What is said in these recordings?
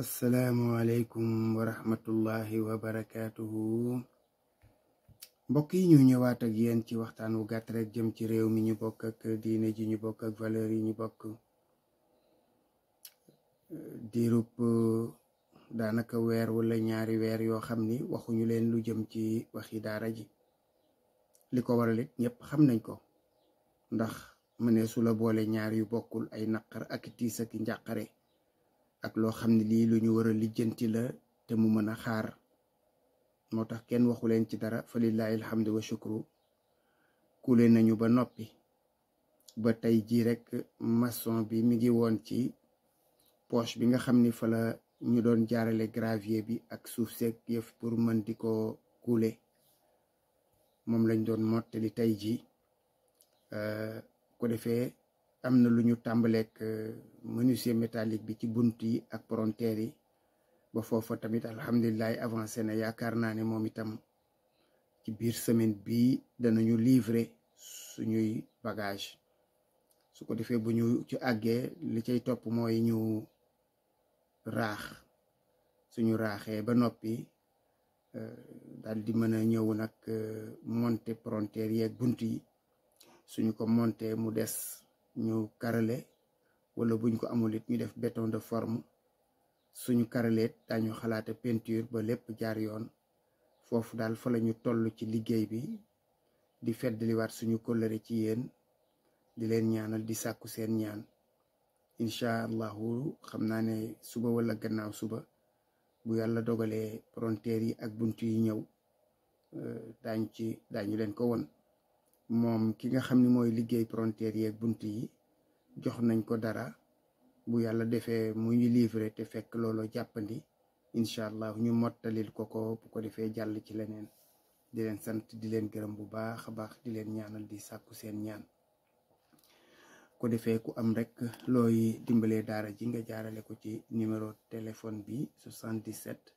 asalaamualeykum wa rahmatullahi wa barakaatuhu mbokk yi ñu ñëwaat ak yéen ci waxtaan wu gàtt jëm ci réew mi ñu bokk ak diine ji ñu bokk ak valeur yi ñu bokk eh, diirub eh, daanaka weer wala ñaari weer yoo xam ni waxuñu leen lu jëm ci waxi daara ji li ko waral it ñëpp xam nañ ko ndax mënee su la boole ñaar yu bokkul ay naqar ak tiis ak njàqare ak loo xam ne lii lu ñu war a lijjanti la te mu mën a xaar moo tax kenn waxu leen ci dara fa lillahi alhamdu wa shukru kule nañu ba noppi ba tey jii rek maçon bi mi ngi woon ci poche bi nga xam ni fa la ñu doon jaarale gravier bi ak suuf seeg yëf pour mën di ko kule moom lañ doon mottali tey jii euh, ko defee am na lu ñu tàmbaleek euh, menuisier métallique bi ci bunt yi ak frontière yi ba foofa tamit alhamdulilah avancé na yaakaar naa ne moom itam ci biir semaine bii danañu livrer suñuy bagage su ko defee bu ñu ci àggee li cay topp mooy ñu raax suñu raaxee ba noppi euh, daal di mën a ñëw nag euh, monter frontière yeeg bunt yi suñu ko monter mu des ñu karale wala buñ ko amul it ñu def béton de forme suñu karaleet dañu xalaata peinture ba lépp jaar yoon foofu daal fa lañu toll ci liggéey bi di feddaliwaat suñu kóllëre ci yéen di leen ñaanal di sàkku seen ñaan incha allahu xam naa ne suba wala gannaaw suba bu yàlla dogalee frontières yi ak bunt yi ñëw euh, daañu ci daañu leen ko won moom ki nga xam ni mooy liggéey frontières yi ak bunt yi jox nañ ko dara bu yàlla defee mu ñu livré te fekk loolu jàppandi incha allah ñu mottalil ko ko bu ko defee jàll ci leneen di leen sant di leen gërëm bu baax a baax di leen ñaanal di sàkku seen ñaan ko defee ku am rek looy dimbalee daara ji nga jaarale ko ci numéro téléphone bi 77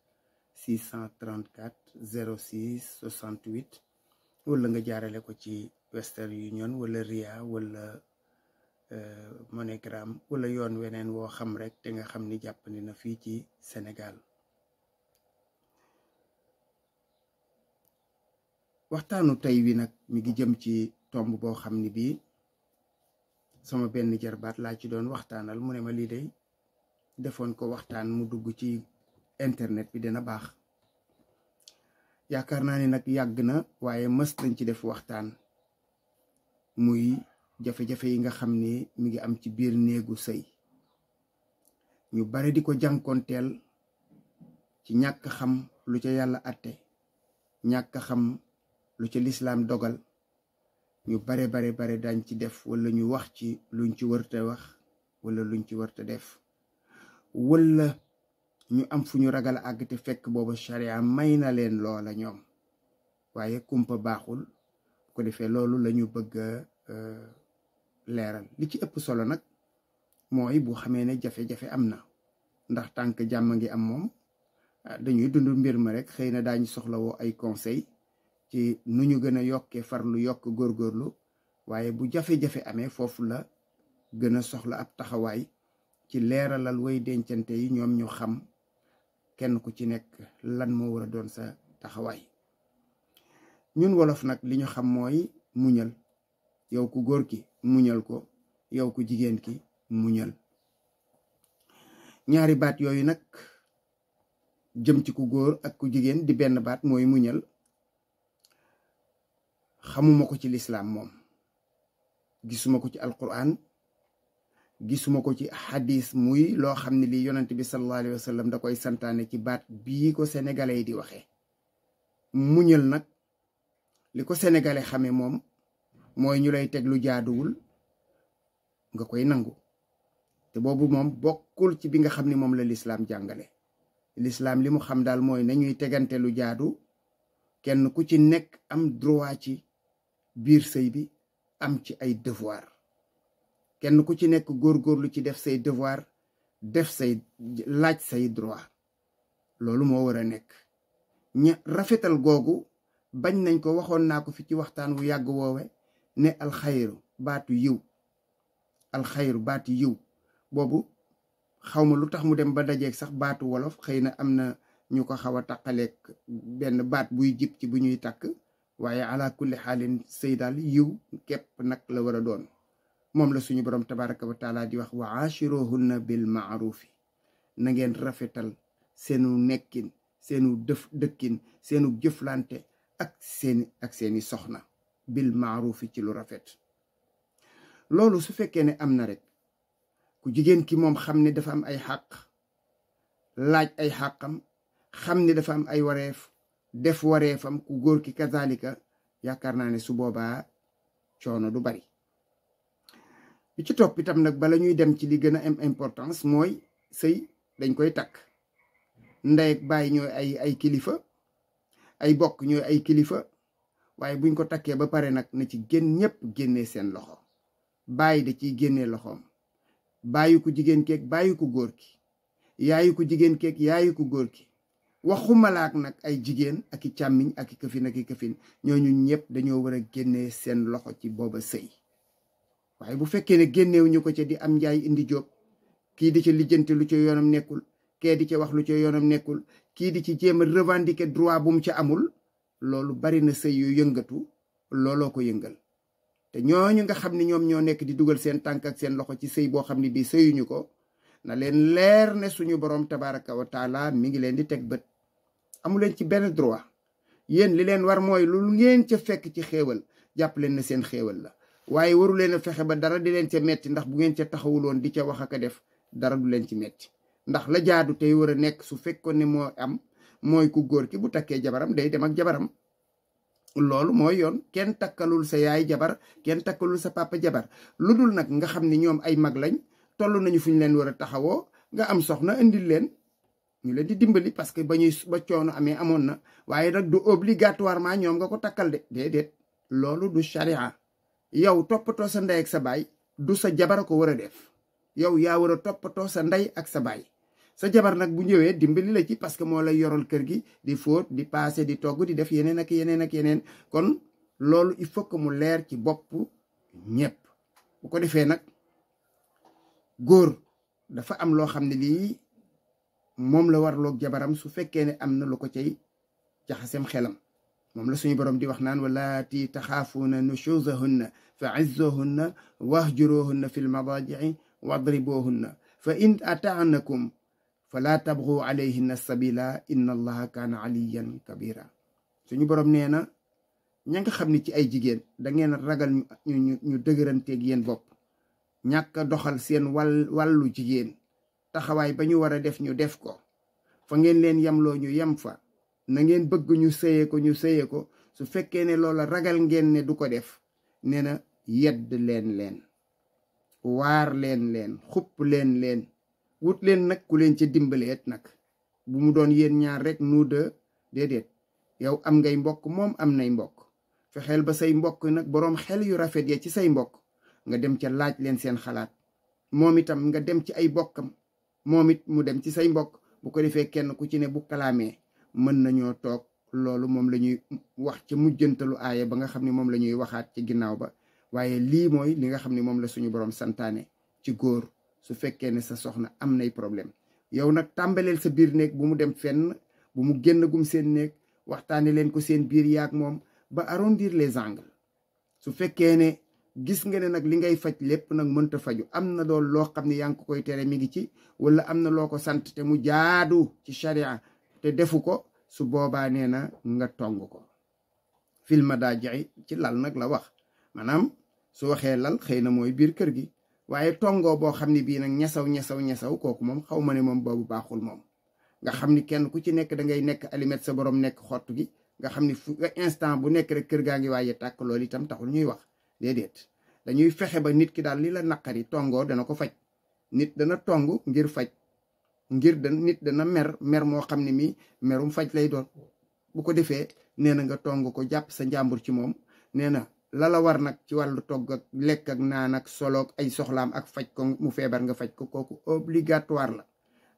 634 06 68 wala nga jaarale ko ci Western Union wala Ria wala Euh, MoneyGram wala yoon weneen woo xam rek te nga xam ni jàppandi na fii ci Sénégal waxtaanu tey wi nag mi ngi jëm ci tomb boo xam ni bii sama benn jarbaat laa ci doon waxtaanal mu ne ma lii day defoon ko waxtaan mu dugg ci internet bi dana baax yaakaar naa ni nag yàgg na waaye mës lañ ci def waxtaan muy jafe-jafe yi nga xam ni mu ngi am ci biir néegu sëy ñu bare di ko jànkonteel ci ñàkk xam lu ca yàlla atte ñàkk xam lu ca lislaam dogal ñu bare bare bare dañ ci def wala ñu wax ci luñ ci wërta wax wala luñ ci wërta def wala ñu am fu ñu ragal àgg te fekk boobu charia may na leen loola ñoom waaye kumpa baaxul bu ko defee loolu lañu bëgg euh, leeral li ci ëpp solo nag mooy bu xamee ne jafe-jafe am na ndax tànk jàmm ngi am moom ah, dañuy dund mbir ma rek xëy na daañu soxlawoo ay conseil ci nu ñu gën a yokkee farlu yokk góorgóorlu waaye bu jafe-jafe amee foofu la gën a soxla ab taxawaay ci leeralal way dencante yi ñoom ñu xam kenn ku ci nekk lan moo war a doon sa taxawaay ñun wolof nag li ñu xam mooy muñal yow ku góor ki muñal ko yow ku jigéen ki muñal ñaari baat yooyu nag jëm ci ku góor ak ku jigéen di benn baat mooy muñal xamuma ko ci lislaam moom gisuma ko ci alquran gisuma ko ci xadis muy loo xam ne li yonent bi sallallahu alayhi wa da koy santaane ci baat bii ko sénégalais yi di waxee muñal nag li ko sénégalais xamee moom mooy ñu lay teg lu jaaduwul nga koy nangu te boobu moom bokkul ci bi nga xam ni moom la lislaam jàngale lislaam li mu xam daal mooy nañuy tegante lu jaadu kenn ku ci nekk am droit ci biir sëy bi am ci ay devoir kenn ku ci nekk góor góorgóorlu ci def say devoir def say laaj say droit loolu moo war a nekk rafetal googu bañ nañ ko waxoon naa ko fi ci waxtaan wu yàgg woowe ne alxayru baatu yiw alxayru baatu yiw boobu xaw ma lu tax mu dem ba dajeeg sax baatu wolof xëy na am na ñu ko xaw a taqaleeg benn baat buy jib ci bu ñuy takk waaye ala kulli xaalin sëy daal yiw képp nag la war a doon moom la suñu borom tabaraka wa taala di wax wa aashiruhunna bil maarufi na ngeen rafetal seenu nekkin seenu dëf dëkkin seenu jëflante ak ak seeni soxna bil maarufi ci lu rafet loolu su fekkee ne am na rek ku jigéen ki moom xam ni dafa am ay xàq laaj ay xàqam xam ni dafa am ay wareef def wareefam ku góor ki kazalika yaakaar naa ne su boobaa coono du bari bi ci toppitam nag bala ñuy dem ci li gën a am importance mooy sëy dañ koy takk ndey bàyyi baay ñooy ay ay kilifa ay bokk ñooy ay kilifa waaye buñ ko takkee ba pare nag na ci génn ñépp génnee seen loxo bàyyi da ciy génnee loxoom bàyyi ku jigéen keeg bàyyi ku góor ki yaayu ku jigéen keeg yaayu ku góor ki waxumalaak nag ay jigéen ak càmmiñ ak këfin ak këfin ñooñu ñëpp dañoo war a génnee seen loxo ci booba sëy waaye bu fekkee ne génnewuñu ko ci di am njaay indi jóob kii di ci lijjante lu ca yoonam nekkul kee di ci wax lu ca yoonam nekkul kii di ci jéem a revendiquer droit bu mu ca amul loolu bari na sëy yu yëngatu looloo ko yëngal te ñooñu nga xam ni ñoom ñoo nekk di dugal seen tànk ak seen loxo ci sëy boo xam ni bii sëyuñu ko na leen leer ne suñu borom tabaraka wa taala mi ngi leen di teg bët amu leen ci benn droit yéen li leen war mooy lu ngeen ca fekk ci xéewal jàpp leen na seen xéewal la waaye waru leen a fexe ba dara di leen ca metti ndax bu ngeen ca taxawuloon di ca wax ak a def dara du leen ci metti ndax la jaadu tey war mooy ku góor ki bu takkee jabaram day dem ak jabaram loolu mooy yoon kenn takkalul sa yaay jabar kenn takkalul sa papa jabar lu dul nag nga xam ni ñoom ay mag lañ toll nañu fu ñu leen war a taxawoo nga am soxna indil leen ñu leen di dimbali parce que ba ñuy ba coono amee amoon na waaye nag du obligatoirement ñoom nga ko takkal de déedéet loolu du charia yow toppatoo sa ndey ak sa baay du sa jabar ko war a def yow yaa war a toppatoo sa ndey ak sa baay sa jabar nag bu ñëwee dimbali la ci parce que moo lay yoral kër gi di fóot di paase di togg di def yeneen ak yeneen ak yeneen kon loolu il faut que mu leer ci bopp ñëpp bu ko defee nag góor dafa am loo xam ne lii moom la warloog jabaram su fekkee ne am na lu ko cay jaxasem xelam moom la suñu borom di wax naan walaati taxaafuuna nushuzahunna fa izzuhunna wahjuruhunna fil madaaji'i wadribuhunna fa in ataanakum fala tabru alayhinna sabila inna allaha kaana aliyan kabira suñu borom nee na ña xam ne ci ay jigéen dangeen ragal ñu ñu ñu dëgëranteeg yéen bopp ñàkk doxal seen wàll jigéen taxawaay ba ñu war a def ñu def ko fa ngeen leen yemloo ñu yem fa na ngeen bëgg ñu sëyee ko ñu sëyee ko su fekkee ne loola ragal ngeen ne du ko def nee na yedd leen leen waar leen leen xupp leen leen wut leen nag ku leen ca dimbaleet nag bu mu doon yéen ñaar rek nuu de déedéet yow am ngay mbokk moom am nay mbokk fexeel ba say mbokk nag boroom xel yu rafet ya ci say mbokk nga dem ca laaj leen seen xalaat moom itam nga dem ci ay mbokkam moom it mu dem ci say mbokk bu ko defee kenn ku ci ne bu kalaamee mën nañoo toog loolu moom la ñuy wax ca mujjantalu aaya ba nga xam ni moom la ñuy waxaat ci ginnaaw ba waaye lii mooy li nga xam ni moom la suñu boroom santaane ci góor su fekkee ne sa soxna am nay problème yow nag tàmbaleel sa biir néeg bu mu dem fenn bu mu génn gum seen néeg waxtaane leen ko seen biir yaag moom ba arrondir les angles su fekkee ne gis nga ne nag li ngay faj lépp nag mënta faju am na dool loo xam ne yaa ngi ko koy tere mi ngi ci wala am na loo ko sant te mu jaadu ci sharia te defu ko su boobaa nee na nga tong ko filma daa jaxi ci lal nag la wax maanaam su waxee lal xëy na mooy biir kër gi waaye tongoo boo xam ne bii nag ñasaw ñasaw ñasaw kooku moom xaw ma ne moom boobu baaxul moom nga xam ni kenn ku ci nekk da ngay nekk alimet sa borom nekk xott gi nga xam ni fu instant bu nekk rek kër gaa ngi waaye tàkk loolu itam taxul ñuy wax déedéet dañuy fexe ba nit ki daal li la naqari tongoo dana ko faj nit dana tong ngir faj ngir da nit dana mer mer moo xam ne mii merum faj lay doon bu ko defee nee na nga tong ko jàpp sa njàmbur ci moom nee na lala war nag ci wàllu togg ak lekk ak naan ak soloog ay soxlaam ak faj ko mu feebar nga faj ko kooku obligatoire la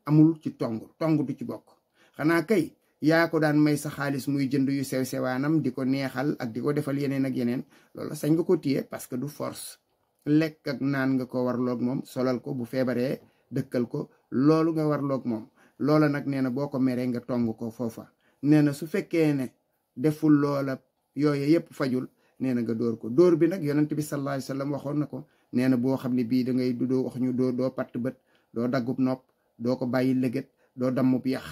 amul ci tong tong du ci bokk xanaa kay yaa ko daan may sa xaalis muy jënd yu sew sewaanam di ko neexal ak di ko defal yeneen ak yeneen loola sañ nga ko téye parce que du force lekk ak naan nga ko warloog moom solal ko bu feebaree dëkkal ko loolu nga warloog moom loola nag nee na boo ko meree nga tong ko foofa nee na su fekkee ne deful loola yooye yépp fajul nee na nga dóor ko dóor bi nag yonent bi sallallahu alayhi wa sallam waxoon na ko nee na boo xam ne bii da ngay dudoo wax doo doo patt doo daggub nopp doo ko bàyyi lëgët doo dammub yax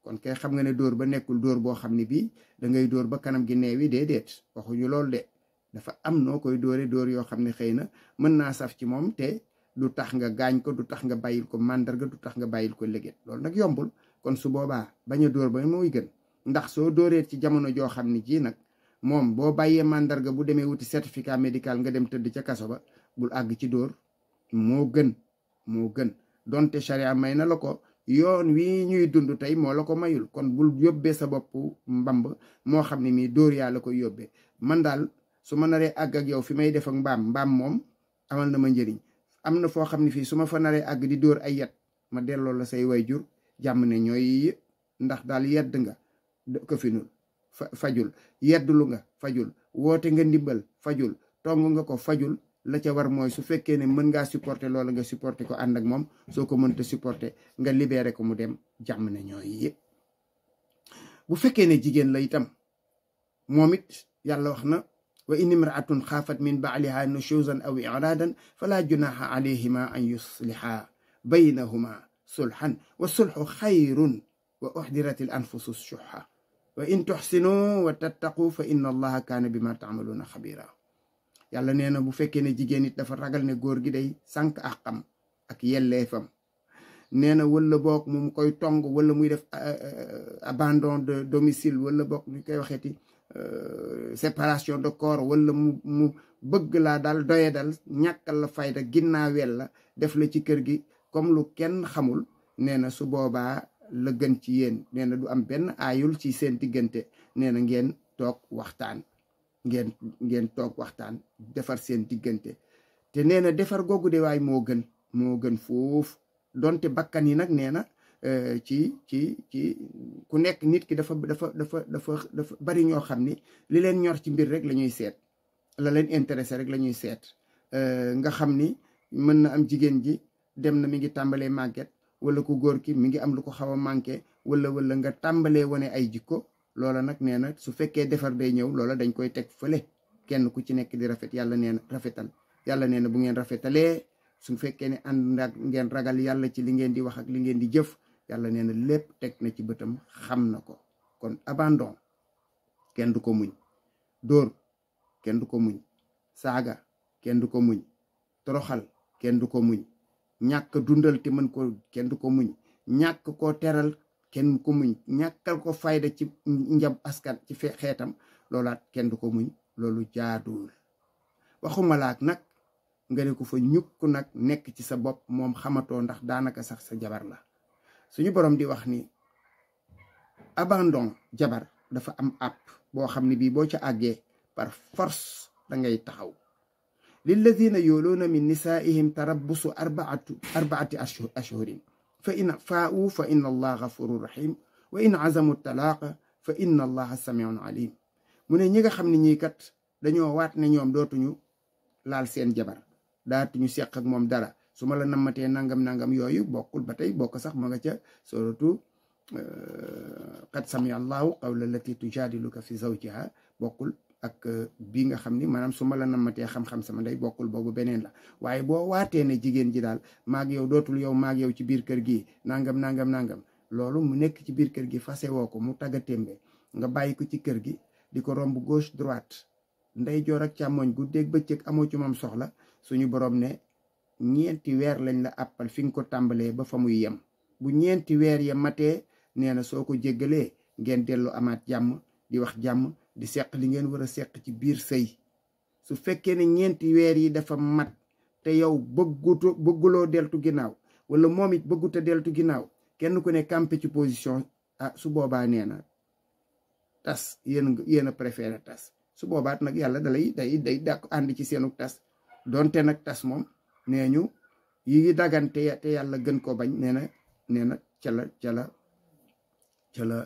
kon kay xam nga ne dóor ba nekkul dóor boo xam ne bii dangay dóor ba kanam gi neewi déedéet waxuñu loolu de dafa am noo koy dóore dóor yoo xam ne xëy na mën naa saf ci moom te du tax nga gaañ ko du tax nga bàyyil ko màndarga du tax nga bàyyil ko lëgët loolu nag yombul kon su boobaa bañ dóor ba mooy gën ndax soo dóoree ci jamono joo xam ne jii nag moom boo bàyyee màndarga bu demee wuti certificat médical nga dem tëdd ca kaso ba bul àgg ci dóor moo gën moo gën donte charia may na la ko yoon wii ñuy dund tey moo la ko mayul kon bul yóbbee sa bopp mbamb moo xam ne mii dóor yaa la koy yóbbee man daal su ma naree àgg yow fi may def mbaam mbaam moom amal na ma njëriñ am na foo xam ne fii su ma fa naree àgg di dóor ay yet ma delloo la say way jur jàmm ne ñooy ndax daal yedd nga ko fajul yeddulu nga fajul woote nga ndimbal fajul tong nga ko fajul la ca war mooy su fekkee ne mën ngaa supporter loolu nga supporter ko ànd moom soo ko mënta supporter nga libeere ko mu dem jàmm ne ñooy yëpp bu fekkee ne jigéen lay itam moom it yàlla wax na wa in imraatun xaafat min baaliha nushuzan aw iraadan fala junaha alayhima an yusliha baynahuma sulhan wa sulhu xayrun wa uxdirat al anfusu wa in tuxsinu wa tattaqu fa inna allaha kaana bima taamaluuna xabira yàlla nee na bu fekkee ne jigéen it dafa ragal ne góor gi day sànq àqam ak yelleefam nee na wala boog mu koy tong wala muy def euh, euh, abandon de domicile walla boog ñu koy waxeeti euh, séparation de corps walla mu mu bëgg laa dal doye dal ñàkkal la fayda ginnaaweel la def la ci kër gi comme lu kenn xamul nee na su boobaa la gën ci yéen nee na du am benn aayul ci seen diggante nee na ngeen toog waxtaan ngeen ngeen toog waxtaan defar seen diggante te nee na defar googu de waay moo gën moo gën foofu donte bakkan yi nag nee na euh, ci ci ci ku nekk nit ki dafa dafa dafa dafa dafa bari ñoo xam ni li leen ñor ci mbir rek la ñuy seet la leen intéressé rek lañuy ñuy seet euh, nga xam ni mën na am jigéen ji dem na mi ngi tàmbalee màgget wala ku góor ki mi ngi am lu ko xaw a manqué wala wala nga tàmbalee wane ay jikko loola nag nee na su fekkee defar day ñëw loola dañ koy teg fële kenn ku ci nekk di rafet yàlla nee na rafetal yàlla nee na bu ngeen rafetalee su fekkee ne and ngeen ragal yàlla ci li ngeen di wax ak li ngeen di jëf yàlla nee na lépp teg na ci bëtam xam na ko kon abandon kenn du ko muñ dóor kenn du ko muñ saaga kenn du ko muñ toroxal kenn du ko muñ ñàkk dundal te mën ko kenn du ko muñ ñàkk koo teral kenn ko muñ ñàkkal ko fayda ci njab askan ci fe xeetam loolaat kenn du ko muñ loolu jaaduwul waxumalaak nag nga ne ko fa ñukk nag nekk ci sa bopp moom xamatoo ndax daanaka sax sa jabar la suñu boroom di wax ni abandon jabar dafa am àpp boo xam ne bii boo ci àggee par force da ngay taxaw lilladina yooluuna min nisaa'ihim tarabbusu arbaatu arbaati ashhurin fa in faa'u fa inna allah gafurun rahim wa in azamu talaaqa fa inna allaha samiun alim mu ne ñi nga xam ne ñii kat dañoo waat ne ñoom dootuñu laal seen jabar daatuñu seq ak moom dara su ma la nammatee nangam nangam yooyu bokkul ba tey bokk sax ma nga ca suratu euh, qad samia allahu qawla allati tujadiluka fi zawjiha bokkul ak euh, bii nga xam ni maanaam su ma la nammatee xam-xam sama day bokkul boobu beneen la waaye boo waatee ne jigéen ji daal maag yow dootul yow maag yow ci biir kër gi nangam nangam nangam loolu mu nekk ci biir kër gi fase woo ko mu tagga témbe nga bàyyi ko ci kër gi di ko romb gauche droite ndeyjoor ak càmmoñ ba cëg amoo ci moom soxla suñu boroom ne ñeenti weer lañ la àppal fi nga ko tàmbalee ba fa muy yem bu ñeenti weer ya matee nee na soo ko jéggalee ngeen dellu amaat jàmm di wax jàmm di seq li ngeen war a seq ci biir sëy su fekkee ne ñeenti weer yi dafa mat te yow bëggutu bëgguloo deltu ginnaaw wala moom it bëgguta deltu ginnaaw kenn ku ne campé ci position ah su boobaa nee na tas yéen yéen a préféré tas su boobaat nag yàlla dalay day day dàq ànd ci seenu tas donte nag tas moom nee ñu yi dagan te yàlla gën ko bañ nee na nee na ca la ca la ca la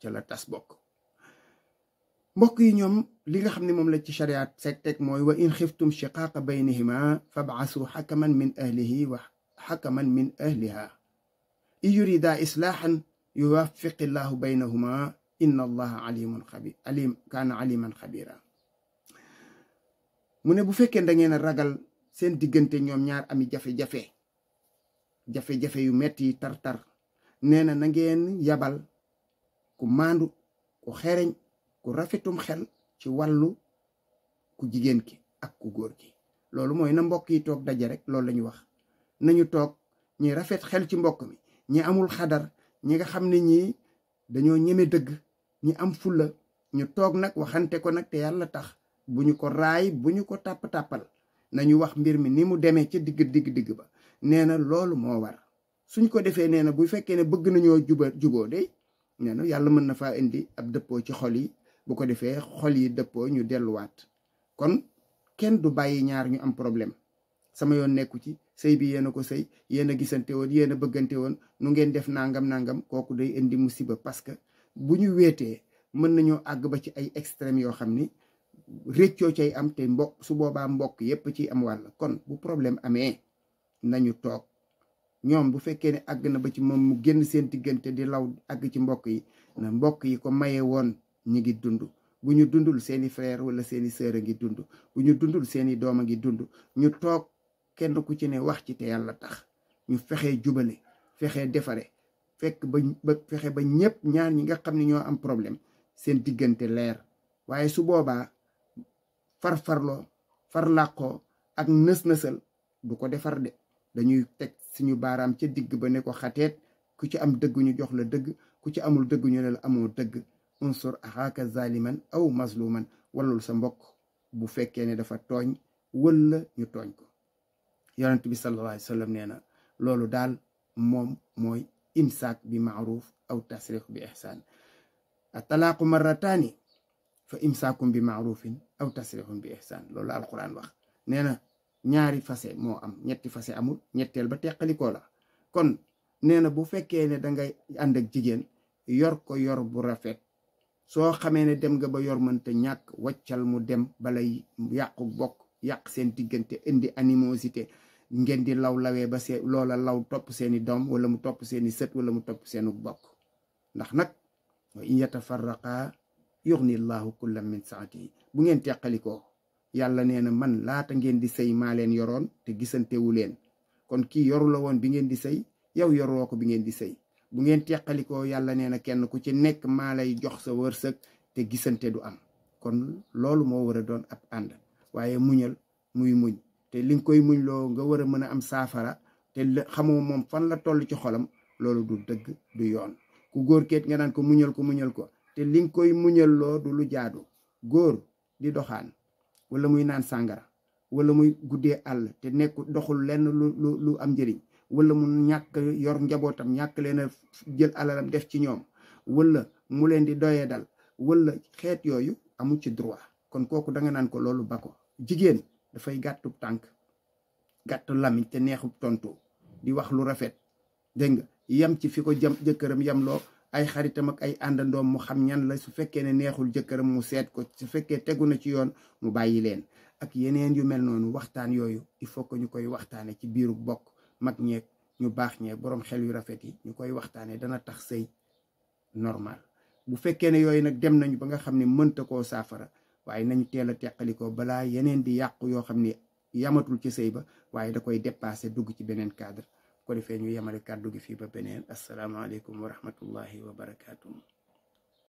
ca la tas bokk mbokk yi ñoom li nga xam ne moom la ci shariat seeg teg mooy wa in xiftum shiqaaqa baynihima fabcasu xakaman min ahlihi wa xakaman min ahliha in yurida islaaxan yuwafiqi llaahu baynahuma inna allaha alimun kaana aliman xabira mu ne bu fekkee da ngeen ragal seen diggante ñoom ñaar ami jafe-jafe jafe-jafe yu metti tar-tar nee na yabal ku maandu ku ku rafetum xel ci wàllu ku jigéen ki ak ku góor ki loolu mooy na mbokk yi toog daje rek loolu la wax nañu toog ñi rafet xel ci mbokk mi ñi amul xadar ñi nga xam ne ñii dañoo ñeme dëgg ñi am fulla ñu toog nag waxante ko nag te yàlla tax bu ñu ko raay bu ñu ko tàpp-tàppal nañu wax mbir mi ni mu demee ca digg digg digg ba nee na loolu moo war suñ ko defee nee na bu fekkee ne bëgg nañoo juba juboo de nee na yàlla mën na faa indi ab dëppoo ci xol yi bu ko defee xol yi dëppoo ñu delluwaat kon kenn du bàyyi ñaar ñu am problème sama yoon nekku ci sëy bi yéen a ko sëy yéen a gisante woon yéen a bëggante woon nu ngeen def nangam nangam kooku day indi musiba parce que bu ñu wéetee mën nañoo àgg ba ci ay extrêmes yoo xam ni réccoo cay am te mbokk su boobaa mbokk yépp ciy am wàll kon bu problème amee nañu toog ñoom bu fekkee ne àgg na ba ci moom mu génn seen diggante di law àgg ci mbokk yi na mbokk yi ko maye woon ñi ngi dund bu ñu dundul seeni frère wala seeni sœur a ngi dund bu ñu dundul seeni doom a ngi dund ñu toog kenn ku ci ne wax ci te yàlla tax ñu fexe jubale fexe defare fekk ba ba fexe ba ñëpp ñaar ñi nga xam ne ñoo am problème seen diggante leer waaye su boobaa farfarloo farlàqoo ak nës-nësal du ko defar de dañuy teg suñu baaraam ca digg ba ne ko xateet ku ci am dëgg ñu jox la dëgg ku ci amul dëgg ñu ne la amoo dëgg unsur axaaka zaliman aw mazluman wallul sa mbokk bu fekkee ne dafa tooñ walla ñu tooñ ko yonent bi sallallahu alayhi wa nee na loolu daal moom mooy imsaak bi maaruf aw tasrix bi ihsaan atalaaqu marrataani fa imsaakum bi maarufin aw tasrixum bi ihsaan loolu alquran wax nee ñaari fase moo am ñetti fase amul ñetteel ba teqalikoo la kon nee bu fekkee ne dangay ànd ak jigéen yor ko yor bu rafet soo xamee ne dem nga ba yor mënta ñàkk waccal mu dem balay yàqu bokk yàq seen diggante indi animosité ngeen di law lawee ba see loola law topp seeni doom wala mu topp seeni sët wala mu topp seenu bokk ndax nag wa in yatafarraqa yughni llahu kullam min saatihi bu ngeen teqalikoo yàlla nee na man laata ngeen di sëy maa leen yoroon te gisantewu leen kon kii yoru la woon bi ngeen di sëy yow yoru yoroo ko bi ngeen di sëy bu ngeen teqaliko yàlla nee na kenn ku ci nekk maa lay jox sa wërsëg te gisante du am kon loolu moo war a doon ab ànd waaye muñël muy muñ te li nga koy muñ loo nga war a mën a am saafara te xamoo moom fan la toll ci xolam loolu du dëgg du yoon ku góor keet nga naan ko muñël ko muñal ko te li nga koy muñal loo du lu jaadu góor di doxaan wala muy naan sàngara wala muy guddee àll te nekk doxul lenn lu lu am njëriñ wala mu ñàkk yor njabootam ñàkk leen a jël alalam def ci ñoom walla mu leen di doyee dal wala xeet yooyu amu ci droit kon kooku da nga naan ko loolu ba ko jigéen dafay gàttu tànk gàttu lamiñ te neexub tontu di wax lu rafet dégg nga yem ci fi ko jëm jëkkëram yem loo ay xaritam ak ay àndandoom mu xam ñan la su fekkee ne neexul jëkkëram mu seet ko su fekkee tegu na ci yoon mu bàyyi leen ak yeneen yu mel noonu waxtaan yooyu il faut que ñu koy waxtaane ci biiru bokk mag ñeeg ñu baax ñeeg borom xel yu rafet yi ñu koy waxtaanee dana tax sëy normal bu fekkee ne yooyu nag dem nañu ba nga xam ne mënta koo saafara waaye nañ teel a teqalikoo balaa yeneen di yàqu yoo xam ne yamatul ci sëy ba waaye da koy dépassé dugg ci beneen cadre ko defee ñu yemale kàddu gi fii ba beneen asalaamaaleykum wa rahmatullahi wa barakaatu.